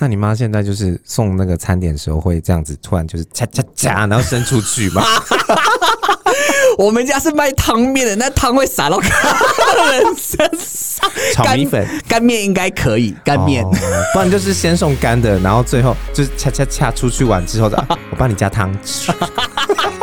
那你媽現在就是送那個餐點的時候會這樣子，突然就是恰恰恰然後伸出去嗎？ 我們家是賣湯麵的，那湯會灑到人身上。炒米粉、乾麵應該可以，乾麵。Oh, 不然就是先送乾的，然後最後就是恰恰恰出去玩之後的， 我幫你加湯。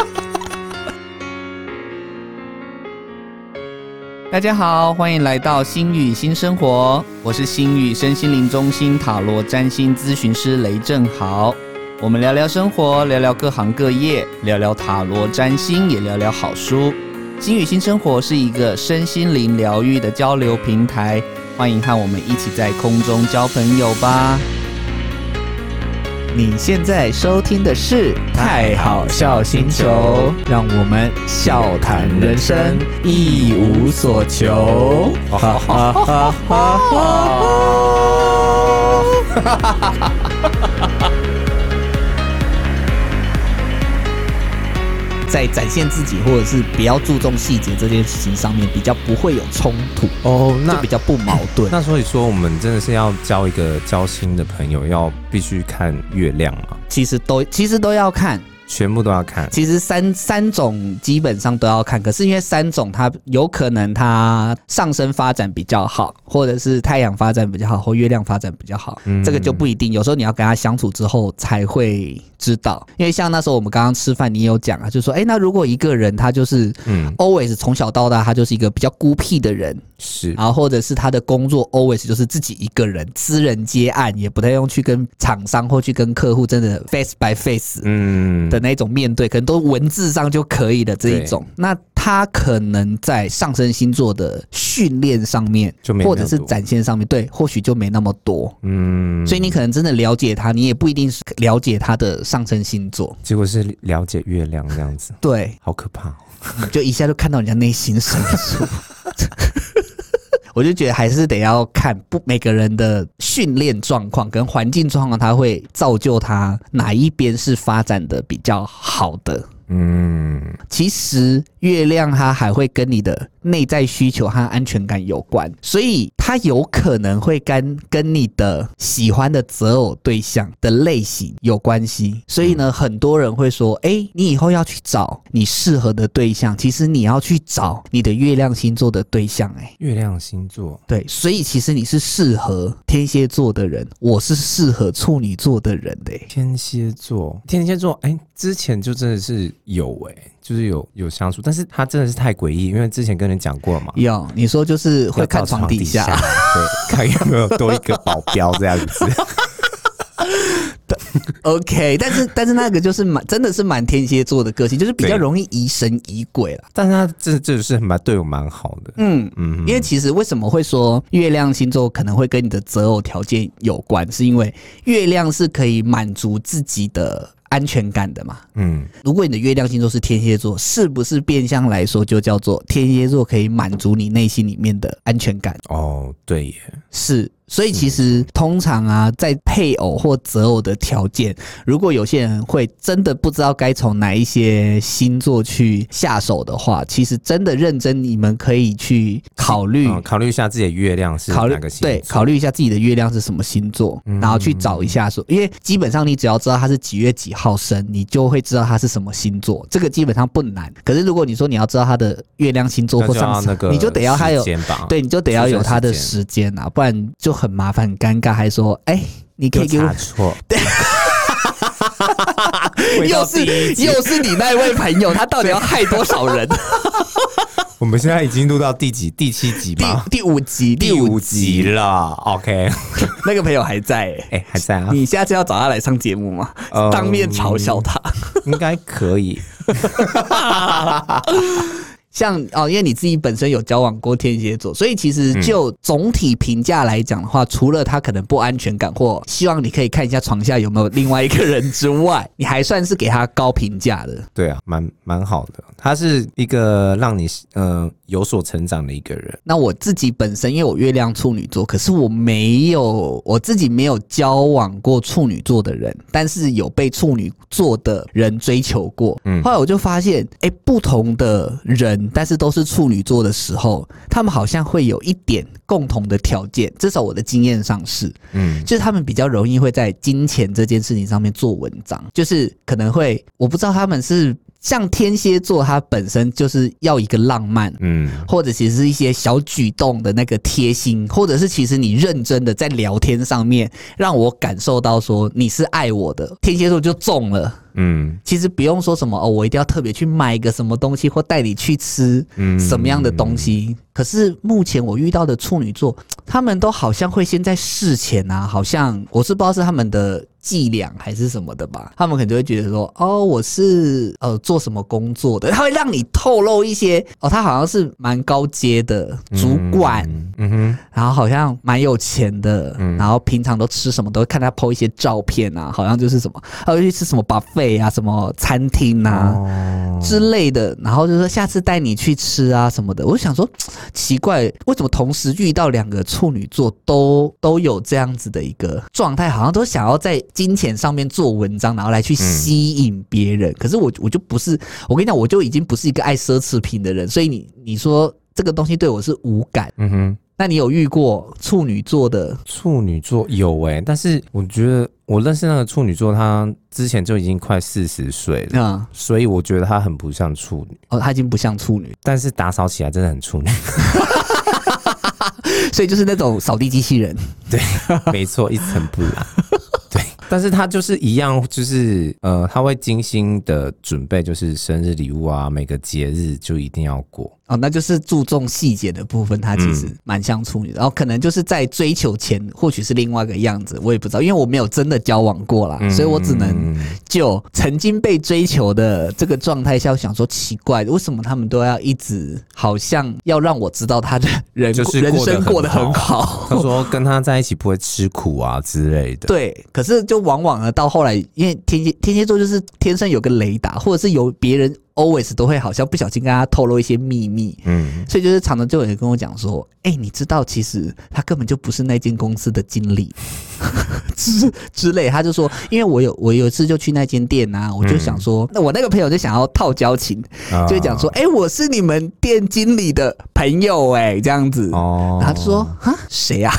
大家好，歡迎來到星宇新生活，我是星宇身心靈中心塔羅占星諮詢師雷正豪。我們聊聊生活，聊聊各行各業，聊聊塔羅占星，也聊聊好書。星宇新生活是一個身心靈療癒的交流平台，歡迎和我們一起在空中交朋友吧。你現在收聽的是《泰豪笑星球》，讓我們笑談人生，一無所求。哈，哈哈，哈哈，哈，哈哈，哈哈，哈哈。在展現自己，或者是比較注重細節這件事情上面，比較不會有衝突哦，oh, 那就比較不矛盾。嗯，那所以說，我們真的是要交一個交心的朋友，要必須看月亮嗎？其實都，其實都要看，全部都要看。其實三三種基本上都要看，可是因為三種它有可能它上升發展比較好，或者是太陽發展比較好，或月亮發展比較好，嗯，這個就不一定。有時候你要跟他相處之後才會。知道，因為像那時候我們剛剛吃飯，你也有講啊，就是說，哎、欸，那如果一個人他就是，嗯，always 從小到大他就是一個比較孤僻的人，是，然後或者是他的工作 always 就是自己一個人，私人接案也不太用去跟廠商或去跟客戶真的 face by face，嗯，的那種面對、嗯，可能都文字上就可以的這一種，那他可能在上升星座的訓練上面就沒那麼多，或者是展現上面，對，或許就沒那麼多，嗯，所以你可能真的了解他，你也不一定是了解他的。上升星座，結果是了解月亮這樣子，對，好可怕，你就一下就看到人家內心深處， 我就覺得還是得要看不每個人的訓練狀況跟環境狀況，它會造就他哪一邊是發展的比較好的。嗯，其實月亮它還會跟你的內在需求和安全感有關，所以。他有可能會跟跟你的喜歡的擇偶對象的類型有關係，所以呢，很多人會說，誒、欸，你以後要去找你適合的對象，其實你要去找你的月亮星座的對象、欸，誒，月亮星座，對，所以其實你是適合天蠍座的人，我是適合處女座的人嘞、欸，天蠍座，天蠍座，誒、欸，之前就真的是有誒、欸就是有有相處，但是他真的是太詭異，因為之前跟人講過了嘛。有你說就是會看床底下，底下 對，看有沒有多一個保鏢這樣子。 OK，但是但是那個就是蠻真的是蠻天蠍座的個性，就是比較容易疑神疑鬼了。但是他這這是蠻對我蠻好的，嗯嗯，因為其實為什麼會說月亮星座可能會跟你的擇偶條件有關，是因為月亮是可以滿足自己的。安全感的嘛，嗯，如果你的月亮星座是天蠍座，是不是變相來說就叫做天蠍座可以滿足你內心裡面的安全感？哦，對耶，是。所以其實通常啊，在配偶或擇偶的條件，如果有些人會真的不知道該從哪一些星座去下手的話，其實真的認真，你們可以去考慮、哦、考慮一下自己的月亮是哪個星座考，對，考慮一下自己的月亮是什麼星座，然後去找一下說，因為基本上你只要知道他是幾月幾號生，你就會知道他是什麼星座，這個基本上不難。可是如果你說你要知道他的月亮星座或上次，那就那個，你就得要他有對，你就得要有他的時間啊，不然就。很麻煩，很尷尬，還說哎、欸，你可以給我錯，錯 又是又是你那位朋友，他到底要害多少人？ 對 我們現在已經錄到第幾？第七集嗎？第第五集，第五集？第五集了。OK， 那個朋友還在，欸，哎、欸，還在啊。你下次要找他來上節目嗎？嗯、當面嘲笑他， 應該可以。 像哦，因為你自己本身有交往過天蠍座，所以其實就總體評價來講的話。嗯，除了他可能不安全感或希望你可以看一下床下有沒有另外一個人之外， 你還算是給他高評價的。對啊，蠻蠻好的，他是一個讓你呃有所成長的一個人。那我自己本身因為我月亮處女座，可是我沒有我自己沒有交往過處女座的人，但是有被處女座的人追求過。嗯，後來我就發現，哎、欸，不同的人。但是都是處女座的時候，他們好像會有一點共同的條件，至少我的經驗上是，嗯，就是他們比較容易會在金錢這件事情上面做文章，就是可能會，我不知道他們是像天蠍座，他本身就是要一個浪漫，嗯，或者其實是一些小舉動的那個貼心，或者是其實你認真的在聊天上面讓我感受到說你是愛我的，天蠍座就中了。嗯，其實不用說什麼哦，我一定要特別去買一個什麼東西，或帶你去吃嗯什麼樣的東西，嗯嗯嗯，可是目前我遇到的處女座，他們都好像會先在事前啊，好像我是不知道是他們的伎倆還是什麼的吧。他們可能就會覺得說，哦，我是呃做什麼工作的，他會讓你透露一些哦，他好像是蠻高階的主管，嗯哼、嗯嗯嗯，然後好像蠻有錢的、嗯，然後平常都吃什麼，都會看他 PO 一些照片啊，好像就是什麼，他會去吃什麼 buffet。哎呀，什麼餐廳啊之類的，然後就說下次帶你去吃啊什麼的。我就想說，奇怪，為什麼同時遇到兩個處女座都都有這樣子的一個狀態，好像都想要在金錢上面做文章，然後來去吸引別人。嗯。可是我我就不是，我跟你講，我就已經不是一個愛奢侈品的人，所以你你說這個東西對我是無感。嗯哼。那你有遇過處女座的？處女座有哎、欸，但是我覺得我認識那個處女座，他之前就已經快四十歲了、嗯啊，所以我覺得他很不像處女。哦，他已經不像處女，但是打掃起來真的很處女， 所以就是那種掃地機器人。對，沒錯，一塵不染。 對，但是他就是一樣，就是呃，他會精心的準備，就是生日禮物啊，每個節日就一定要過。哦，那就是注重細節的部分，他其實蠻像處女的。然後可能就是在追求前，或許是另外一個樣子，我也不知道，因為我沒有真的交往過啦，嗯、所以我只能就曾經被追求的這個狀態下，我想說奇怪，為什麼他們都要一直好像要讓我知道他的人、就是、人生過得很好？他、哦就是、說跟他在一起不會吃苦啊之類的。對，可是就往往呢，到後來，因為天蠍天蠍座就是天生有個雷達，或者是有別人。always 都會好像不小心跟他透露一些秘密，嗯，所以就是常常就有人跟我講說，哎、欸，你知道其實他根本就不是那間公司的經理之 之類，他就說，因為我有我有一次就去那間店啊，我就想說、嗯，那我那個朋友就想要套交情，就會講說，哎、哦欸，我是你們店經理的朋友、欸，哎，這樣子，哦，然後就說，誰啊，誰呀？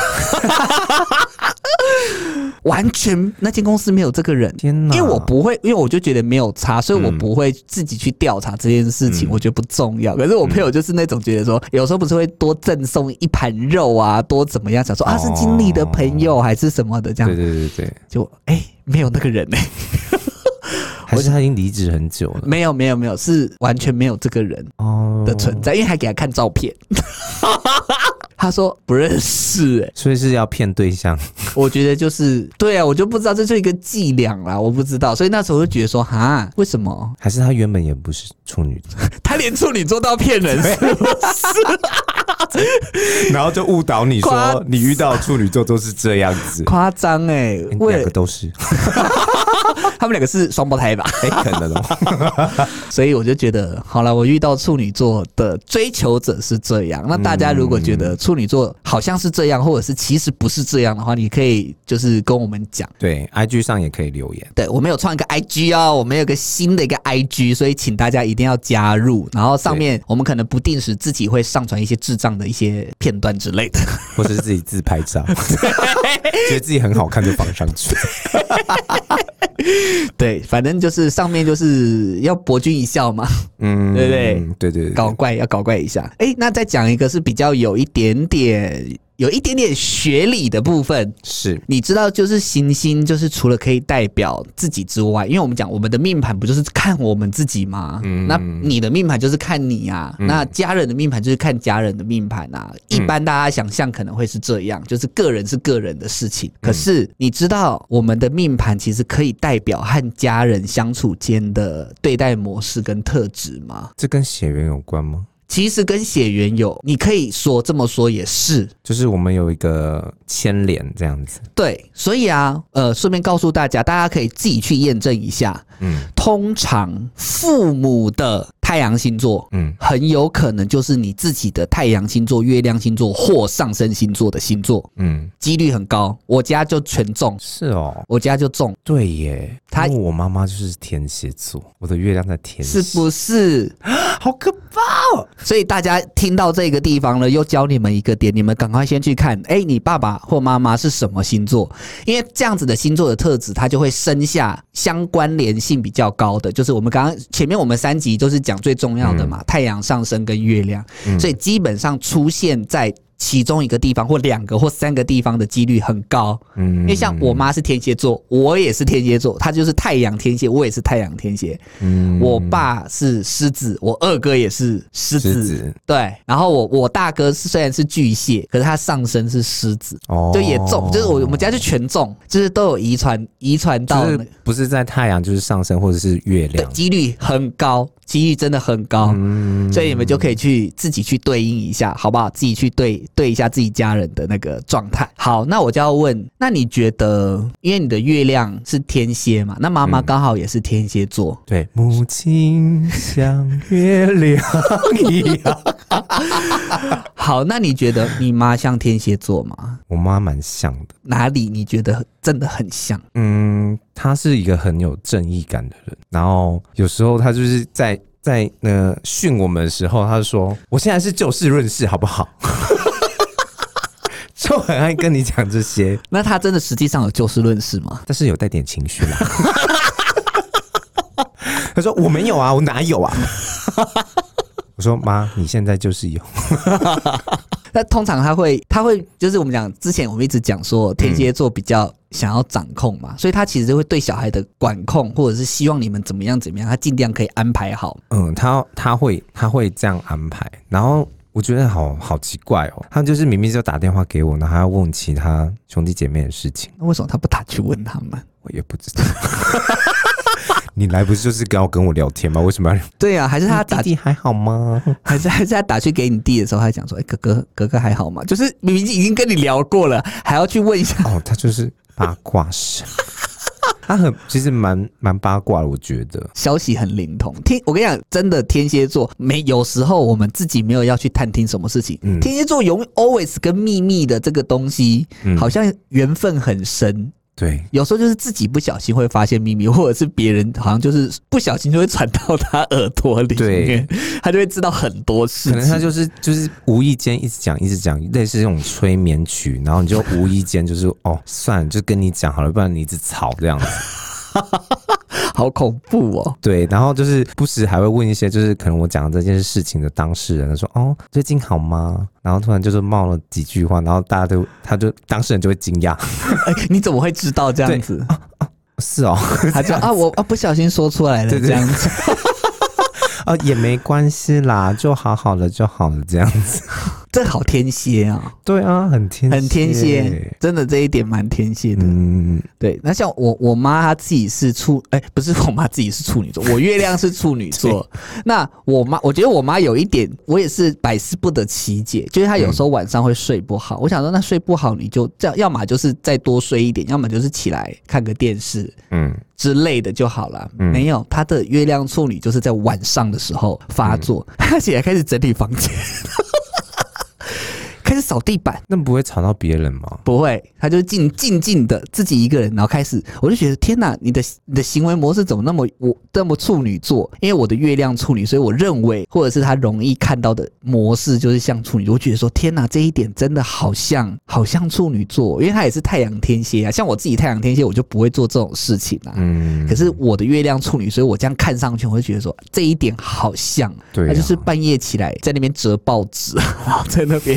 完全，那間公司沒有這個人。天吶，因為我不會，因為我就覺得沒有差，所以我不會自己去調查這件事情、嗯。我覺得不重要。可是我朋友就是那種覺得說，嗯、有時候不是會多贈送一盤肉啊，多怎麼樣？想說啊，哦、是經理的朋友還是什麼的這樣，對對對對，就哎、欸，沒有那個人呢、欸， 還是他已經離職很久了？沒有沒有沒有，是完全沒有這個人哦的存在、哦，因為還給他看照片。 他說不認識、欸，哎，所以是要騙對象？ 我覺得就是對啊，我就不知道這是一個伎倆啦，我不知道，所以那時候我就覺得說哈，為什麼？還是他原本也不是處女座， 他連處女座都要騙人，是不是？ 然後就誤導你說你遇到處女座都是這樣子，誇張哎，兩、欸、個都是， 他們兩個是雙胞胎吧？ 可能的， 所以我就覺得好了，我遇到處女座的追求者是這樣，那大家如果覺得。處女座好像是這樣，或者是其實不是這樣的話，你可以就是跟我們講。對，IG 上也可以留言。對，我們有創一個 IG 啊、喔，我們有個新的一個 IG，所以請大家一定要加入。然後上面我們可能不定時自己會上傳一些智障的一些片段之類的，或者是自己自拍照， 覺得自己很好看就放上去。 對，反正就是上面就是要博君一笑嘛，嗯，對不對？對對對，搞怪要搞怪一下。哎、欸，那再講一個是比較有一點。點有一點點學理的部分，是你知道，就是行星，就是除了可以代表自己之外，因為我們講我們的命盤不就是看我們自己嗎？嗯、那你的命盤就是看你啊，嗯、那家人的命盤就是看家人的命盤啊、嗯。一般大家想象可能會是這樣，就是個人是個人的事情。嗯、可是你知道我們的命盤其實可以代表和家人相處間的對待模式跟特質嗎？這跟血緣有關嗎？其實跟血緣有，你可以說，這麼說也是，就是我們有一個牽連這樣子。對，所以啊，呃，順便告訴大家，大家可以自己去驗證一下。嗯，通常父母的。太陽星座，嗯，很有可能就是你自己的太陽星座、月亮星座或上升星座的星座，嗯，幾率很高。我家就全中，是哦？我家就中，對耶。他我媽媽就是天蠍座，我的月亮在天蠍座，是不是、啊？好可怕哦！所以大家聽到這個地方了，又教你們一個點，你們趕快先去看，哎，你爸爸或媽媽是什麼星座？因為這樣子的星座的特質，它就會生下相關聯性比較高的，就是我們剛剛前面我們三集都是講。最重要的嘛，太陽上升跟月亮，嗯、所以基本上出現在其中一個地方或兩個或三個地方的幾率很高，嗯，因為像我媽是天蠍座，我也是天蠍座，她就是太陽天蠍，我也是太陽天蠍，嗯，我爸是獅子，我二哥也是獅子，獅子，對，然後我我大哥雖然是巨蟹，可是他上升是獅子，哦，對，也重，就是我我們家就全重，就是都有遺傳遺傳到、那個，就是、不是在太陽就是上升或者是月亮的幾率很高，幾率真的很高，嗯，所以你們就可以去自己去對應一下，好不好？自己去對。對一下自己家人的那個狀態。好，那我就要問，那你覺得，因為你的月亮是天蠍嘛？那媽媽剛好也是天蠍座。嗯。對，母親像月亮一樣。 好，那你覺得你媽像天蠍座嗎？我媽蠻像的。哪裡？你覺得真的很像？嗯，她是一個很有正義感的人，然後有時候她就是在。在那訓我們的時候，他就說：“我現在是就事論事，好不好？” 就很愛跟你講這些。那他真的實際上有就事論事嗎？但是有帶點情緒啦、啊。 他說：“我沒有啊，我哪有啊？” 我說：“媽，你現在就是有。 ”他通常他會，他會就是我們講之前我們一直講說天蠍座比較想要掌控嘛，嗯，所以他其實會對小孩的管控，或者是希望你們怎麼樣怎麼樣，他盡量可以安排好。嗯，他他會他會這樣安排。然後我覺得好好奇怪哦，他就是明明就打電話給我，那還要問其他兄弟姐妹的事情，那為什麼他不打去問他們？我也不知道。 你來不是就是剛好跟我聊天嗎？為什麼要聊？對呀、啊，還是他打弟，弟還好嗎？還是還是他打去給你弟的時候，他還講說：“誒、欸、哥哥哥哥還好嗎？”就是明明已經跟你聊過了，還要去問一下。哦，他就是八卦神， 他很其實蠻蠻八卦的，我覺得消息很靈通。聽我跟你講，真的天蠍座沒，有時候我們自己沒有要去探聽什麼事情。嗯，天蠍座永遠 always 跟秘密的這個東西，好像緣分很深。對，有時候就是自己不小心會發現秘密，或者是別人好像就是不小心就會傳到他耳朵裡面，對，他就會知道很多事情。可能他就是就是無意間一直講一直講，類似這種催眠曲，然後你就無意間就是 哦，算了，就跟你講好了，不然你一直吵這樣子。 好恐怖哦！對，然後就是不時還會問一些，就是可能我講的這件事情的當事人說：“哦，最近好嗎？”然後突然就是冒了幾句話，然後大家都他就當事人就會驚訝、欸：“你怎麼會知道這樣子？”啊啊、是哦，他就啊，我啊不小心說出來了， 對對對，這樣子。哦、 啊，也沒關係啦，就好好了就好了，這樣子。這好天蠍啊、喔！對啊，很天很天蠍，真的這一點蠻天蠍的。嗯，對。那像我我媽，她自己是處，哎、欸，不是，我媽自己是處女座，我月亮是處女座。 那我媽，我覺得我媽有一點，我也是百思不得其解，就是她有時候晚上會睡不好。嗯、我想說，那睡不好你就這樣，要麼就是再多睡一點，要麼就是起來看個電視，嗯之類的就好了，嗯。沒有，她的月亮處女就是在晚上的時候發作，嗯、她起來開始整理房間。 掃地板，那不會吵到別人嗎？不會，他就是靜靜靜的自己一個人，然後開始，我就覺得天哪，你的你的行為模式怎麼那麼我這麼處女座？因為我的月亮處女，所以我認為，或者是他容易看到的模式就是像處女。我覺得說天哪，這一點真的好像好像處女座，因為他也是太陽天蠍啊，像我自己太陽天蠍，我就不會做這種事情啊。嗯，可是我的月亮處女，所以我這樣看上去，我就覺得說這一點好像，對，他，就是半夜起來在那邊折報紙，然後在那邊。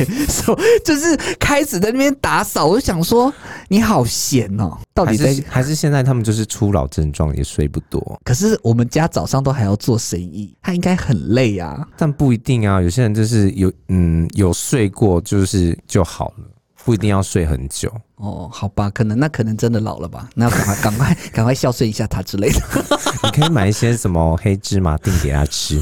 就是開始在那邊打掃，我就想說你好閒哦、喔，到底在還是還是現在他們就是初老症狀也睡不多。可是我們家早上都還要做生意，他應該很累啊。但不一定啊，有些人就是有嗯有睡過就是就好了，不一定要睡很久。嗯、哦，好吧，可能那可能真的老了吧，那要趕快趕 快趕快孝順一下他之類的。你可以買一些什麼黑芝麻錠給他吃，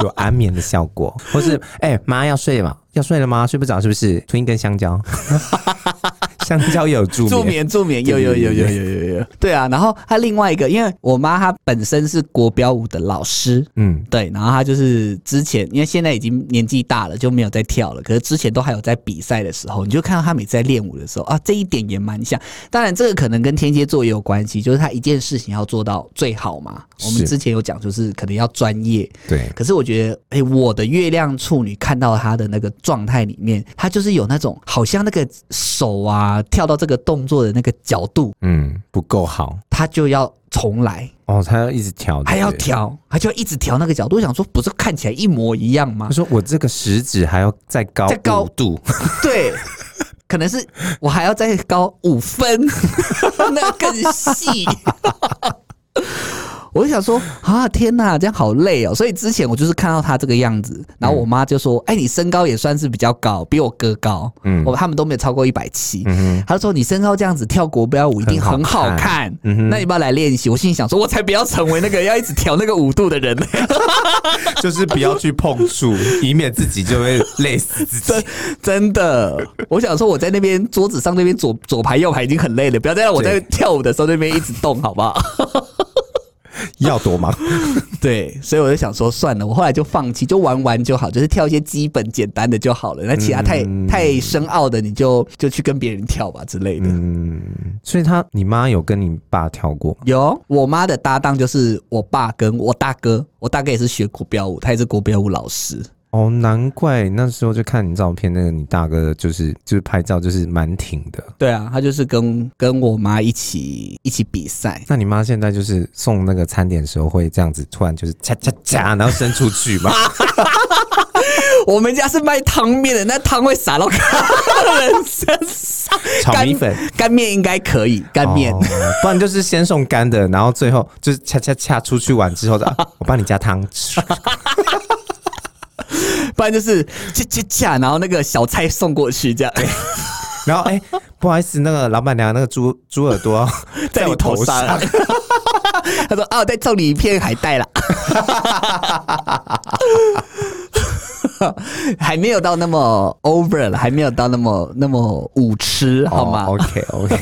有安眠的效果，或是哎媽、欸、要睡了嘛。要睡了嗎？睡不着是不是？吞一根香蕉。 香蕉有助眠，助眠有有有有有有有有有。對啊，然後他另外一個，因為我媽她本身是國標舞的老師，嗯，對，然後她就是之前，因為現在已經年紀大了，就沒有在跳了。可是之前都還有在比賽的時候，你就看到她每次在練舞的時候啊，這一點也蠻像。當然，這個可能跟天蠍座也有關係，就是她一件事情要做到最好嘛。我們之前有講，就是可能要專業。對。可是我覺得，哎，欸，我的月亮處女看到她的那個狀態裡面，她就是有那種好像那個手啊。啊，跳到這個動作的那個角度，嗯，不夠好，他就要重來。哦，他要一直調，還要調，他就要一直調那個角度。我想說，不是看起來一模一樣嗎？他，就是，說，我這個食指還要再高，再高度，對， 可能是我還要再高五分， 那更細細。 我就想說啊，天哪，這樣好累哦，喔！所以之前我就是看到他這個樣子，然後我媽就說：“哎、嗯欸，你身高也算是比較高，比我哥高，嗯，我他們都沒有超過一百七。”他說：“你身高這樣子跳國標舞一定很好看，好看嗯，那你不要來練習。”我心裡想說：“我才不要成為那個要一直跳那個五度的人呢。 ”就是不要去碰觸， 以免自己就會累死自己。真的，我想說我在那邊桌子上那邊左左排右排已經很累了，不要再讓我在跳舞的時候那邊一直動，好不好？ 要多躲嗎？ 對，所以我就想說算了，我後來就放棄，就玩玩就好，就是跳一些基本簡單的就好了。那其他太、嗯、太深奧的，你就就去跟別人跳吧之類的。嗯，所以他，你媽有跟你爸跳過嗎？有，我媽的搭檔就是我爸跟我大哥，我大哥也是學國標舞，他也是國標舞老師。哦，難怪那時候就看你照片，那個你大哥就是就是拍照就是蠻挺的。對啊，他就是跟跟我媽一起一起比賽。那你媽現在就是送那個餐點的時候會這樣子，突然就是恰恰恰然後伸出去嗎？ 我們家是賣湯麵的，那湯會灑到客人身上。炒米粉、乾麵應該可以，乾麵、哦。不然就是先送乾的，然後最後就是恰恰恰出去玩之後的、 啊，我幫你加湯吃。 不然就是恰恰恰，然後那個小菜送過去這樣、欸，然後哎、欸，不好意思，那個老闆娘那個豬豬耳朵在我頭上， 他說哦，再、啊、送你一片海帶啦， 還沒有到那麼 over 了，還沒有到那麼那麼無恥好嗎、oh,？OK OK。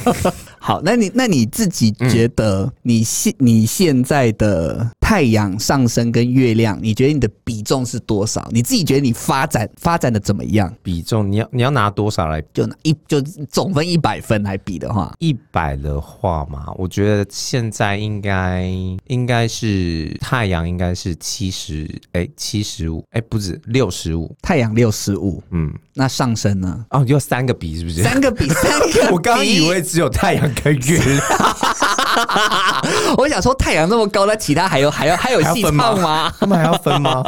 好，那你那你自己覺得你現、嗯、你現在的太陽上升跟月亮，你覺得你的比重是多少？你自己覺得你發展發展的怎麼樣？比重你要你要拿多少來比？就一就總分一百分來比的話，一百的話嘛，我覺得現在應該應該是太陽應該是七十哎，七十五哎，不是六十五，太陽六十五，嗯，那上升呢？哦，有三個比是不是？三個比三個比， 我剛以為只有太陽。個月，哈哈哈哈哈！我想說太陽那麼高，那其他還有還有還有細分嗎？他們還要分嗎？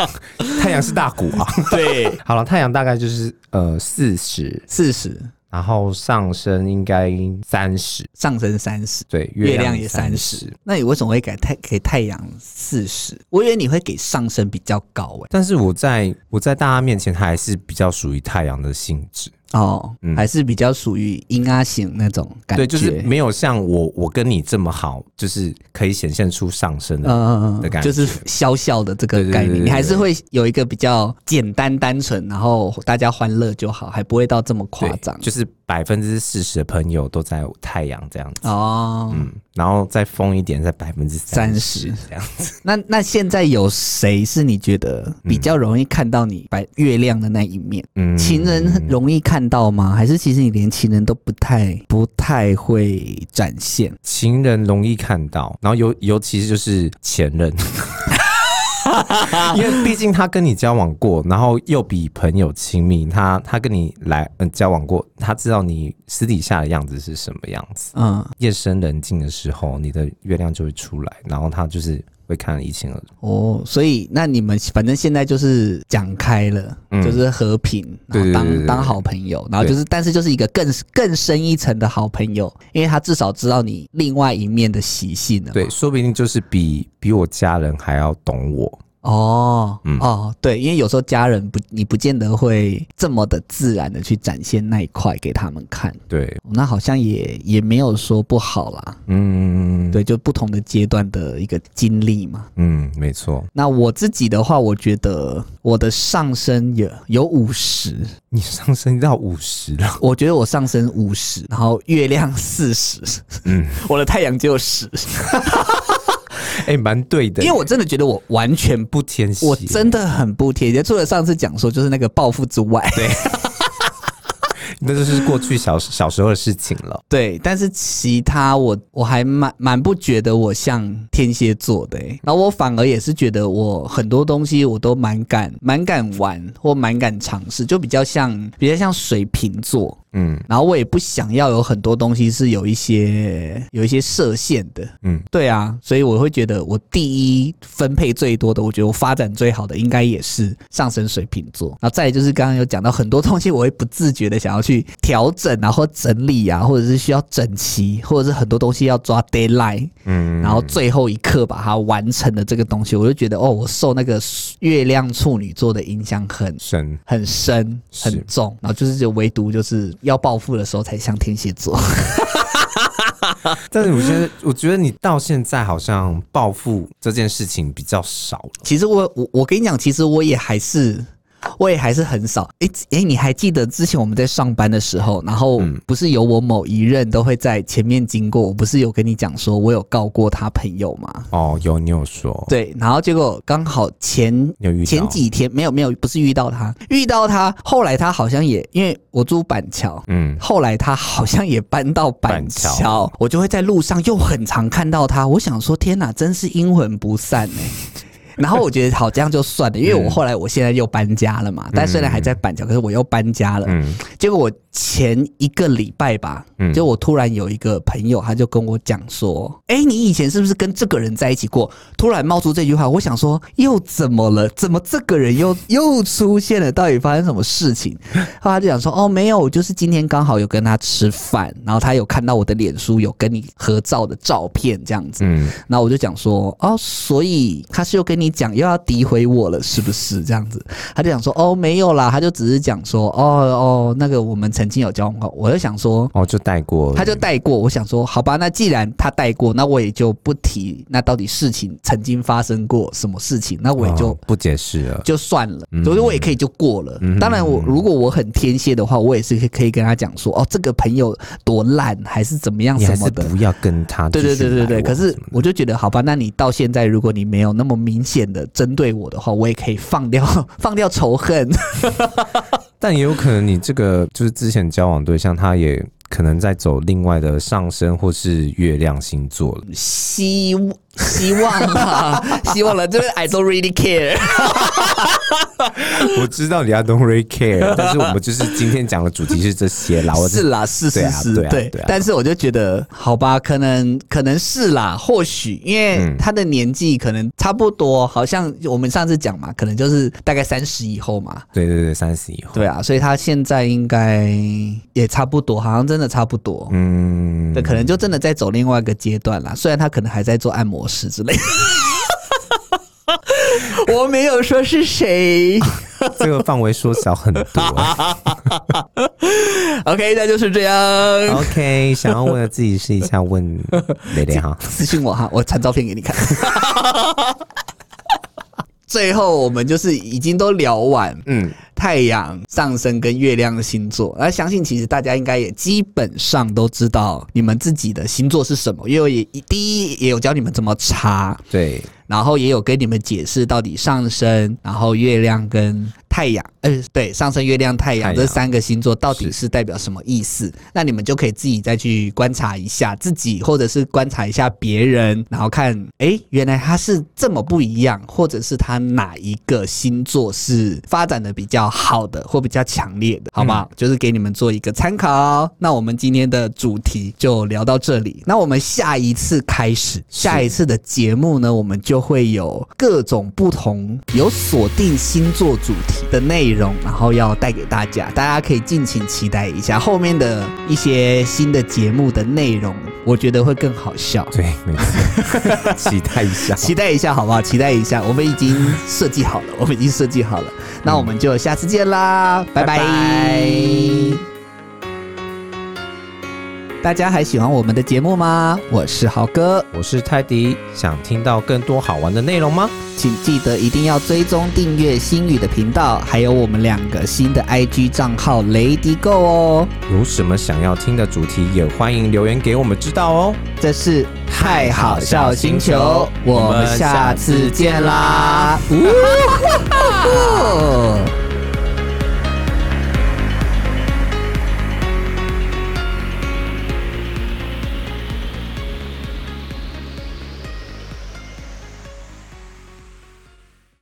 太陽是大股啊。對，好了，太陽大概就是呃四十，四十，然後上升應該三十，上升三十，對，月亮也三十。那你為什麼會給太給太陽四十？我以為你會給上升比較高欸。但是我在我在大家面前他還是比較屬於太陽的性質。哦、嗯，還是比較屬於嬰兒型那種感覺，對，就是沒有像我我跟你這麼好，就是可以顯現出上升的，嗯嗯嗯，的感覺就是小小的這個概念，對對對對對對，你還是會有一個比較簡單單純，然後大家歡樂就好，還不會到這麼誇張，就是。百分之四十的朋友都在太陽這樣子哦，oh, 嗯，然後再瘋一點，在百分之三十這樣子。那那現在有誰是你覺得比較容易看到你白月亮的那一面？嗯，情人容易看到嗎？還是其實你連情人都不太不太會展現？情人容易看到，然後尤尤其是就是前任。 因為畢竟他跟你交往過，然後又比朋友親密，他他跟你來、嗯、交往過，他知道你私底下的樣子是什麼樣子。嗯，夜深人靜的時候，你的月亮就會出來，然後他就是。會看一清二楚哦，所以那你們反正現在就是講開了，嗯，就是和平，然後當對對對對對，當好朋友，然後就是，對對對對，但是就是一個更更深一層的好朋友，因為他至少知道你另外一面的習性了，對，說不定就是比比我家人還要懂我。哦，嗯，哦，對，因為有時候家人不，你不見得會這麼的自然的去展現那一塊給他們看。對，那好像也也沒有說不好啦。嗯，對，就不同的階段的一個經歷嘛。嗯，沒錯。那我自己的話，我覺得我的上升也有五十。你上升到五十了？我覺得我上升五十，然後月亮四十。嗯， 我的太陽只有十。 哎、欸，蠻對的，因為我真的覺得我完全不天蠍，我真的很不天蠍，除了上次講說就是那個報復之外，對， 那就是過去小小時候的事情了。對，但是其他我我還蠻蠻不覺得我像天蠍座的，欸，然後我反而也是覺得我很多東西我都蠻敢蠻敢玩，或蠻敢嘗試，就比較像比較像水瓶座。嗯，然後我也不想要有很多東西是有一些有一些設限的，嗯，對啊，所以我會覺得我第一分配最多的，我覺得我發展最好的應該也是上升水瓶座。然後再就是剛剛有講到很多東西，我會不自覺的想要去調整，然後整理啊，或者是需要整齊，或者是很多東西要抓 deadline，嗯，然後最後一刻把它完成的這個東西，我就覺得哦，我受那個月亮處女座的影響很深很深很重，然後就是就唯獨就是。要報復的時候才像天蠍座 ， 但是我覺得，我覺得你到現在好像報復這件事情比較少了。其實我我我跟你講，其實我也還是。我也還是很少。哎、欸欸、你還記得之前我們在上班的時候，然後不是有我某一任都會在前面經過，嗯、我不是有跟你講說，我有告過他朋友嗎？哦，有，你有說。對，然後結果剛好前前幾天沒有沒有，不是遇到他，遇到他，後來他好像也因為我住板橋，嗯，後來他好像也搬到板橋，我就會在路上又很常看到他。我想說，天哪，真是陰魂不散哎、欸。 然後我覺得好這樣就算了，因為我後來我現在又搬家了嘛，嗯、但雖然還在板橋，可是我又搬家了。嗯、結果我前一個禮拜吧，嗯，就我突然有一個朋友，他就跟我講說：“哎、欸，你以前是不是跟這個人在一起過？”突然冒出這句話，我想說又怎麼了？怎麼這個人又又出現了？到底發生什麼事情？然後他就講說：“哦，沒有，就是今天剛好有跟他吃飯，然後他有看到我的臉書有跟你合照的照片這樣子。”嗯，然後我就講說：“哦，所以他是又跟你講又要詆毀我了，是不是這樣子？他就想說哦，沒有啦，他就只是講說哦哦，那個我們曾經有交往過。我就想說哦，就帶過，他就帶過。我想說好吧，那既然他帶過，那我也就不提那到底事情曾經發生過什麼事情，那我也就、哦、不解釋了，就算了。所以，我也可以就過了。嗯、當然我，我如果我很天蠍的話，我也是可以跟他講說哦，這個朋友多爛還是怎麼樣什麼的，不要跟他。對對對對對，可是我就覺得好吧，那你到現在如果你沒有那麼明顯，顯得針對我的話，我也可以放掉，放掉仇恨。 但也有可能，你這個就是之前交往對象，他也可能在走另外的上升或是月亮星座了。希望。希望啊， 希望了，就是 I don't really care。 我知道你 I don't really care，但是我們就是今天講的主題是這些啦。 我是，是啦，是是是對、啊，對、啊、對、啊對、啊、對，但是我就覺得，好吧，可能可能是啦、啊，或許因為他的年紀可能差不多，好像我們上次講嘛，可能就是大概三十以後嘛。對對對，三十以後。對啊，所以他現在應該也差不多，好像真的差不多。嗯，對，可能就真的在走另外一個階段啦，雖然他可能還在做按摩。模式之類， 我沒有說是誰、啊，這個範圍縮小很多。 OK，那就是這樣。OK，想要問的自己試一下問哪點哈？私信我哈，我傳照片給你看。 最後，我們就是已經都聊完，嗯，太陽上升跟月亮的星座，那相信其實大家應該也基本上都知道你們自己的星座是什麼，因為也第一也有教你們怎麼查，對，然後也有跟你們解釋到底上升，然後月亮跟。太陽，嗯、呃，對，上升月亮太陽這三個星座到底是代表什麼意思？那你們就可以自己再去觀察一下自己，或者是觀察一下別人，然後看，哎、欸，原來他是這麼不一樣，或者是他哪一個星座是發展的比較好的，或比較強烈的，好嗎、嗯？就是給你們做一個參考。那我們今天的主題就聊到這裡，那我們下一次開始，下一次的節目呢，我們就會有各種不同，有鎖定星座主題的內容，然後要帶給大家，大家可以盡情期待一下後面的一些新的節目的內容，我覺得會更好笑。對，沒 期待一下， 期待一下，好不好？期待一下， 我們已經設計好了，我們已經設計好了， 那我們就下次見啦，拜 拜。大家還喜歡我們的節目嗎？我是豪哥，我是泰迪。想聽到更多好玩的內容嗎？請記得一定要追蹤訂閱新宇的頻道，還有我們兩個新的 IG 賬號雷迪 Go 哦。有什麼想要聽的主題，也歡迎留言給我們知道哦。這是太好，泰豪笑星球，我們下次見啦！嗚哈哈。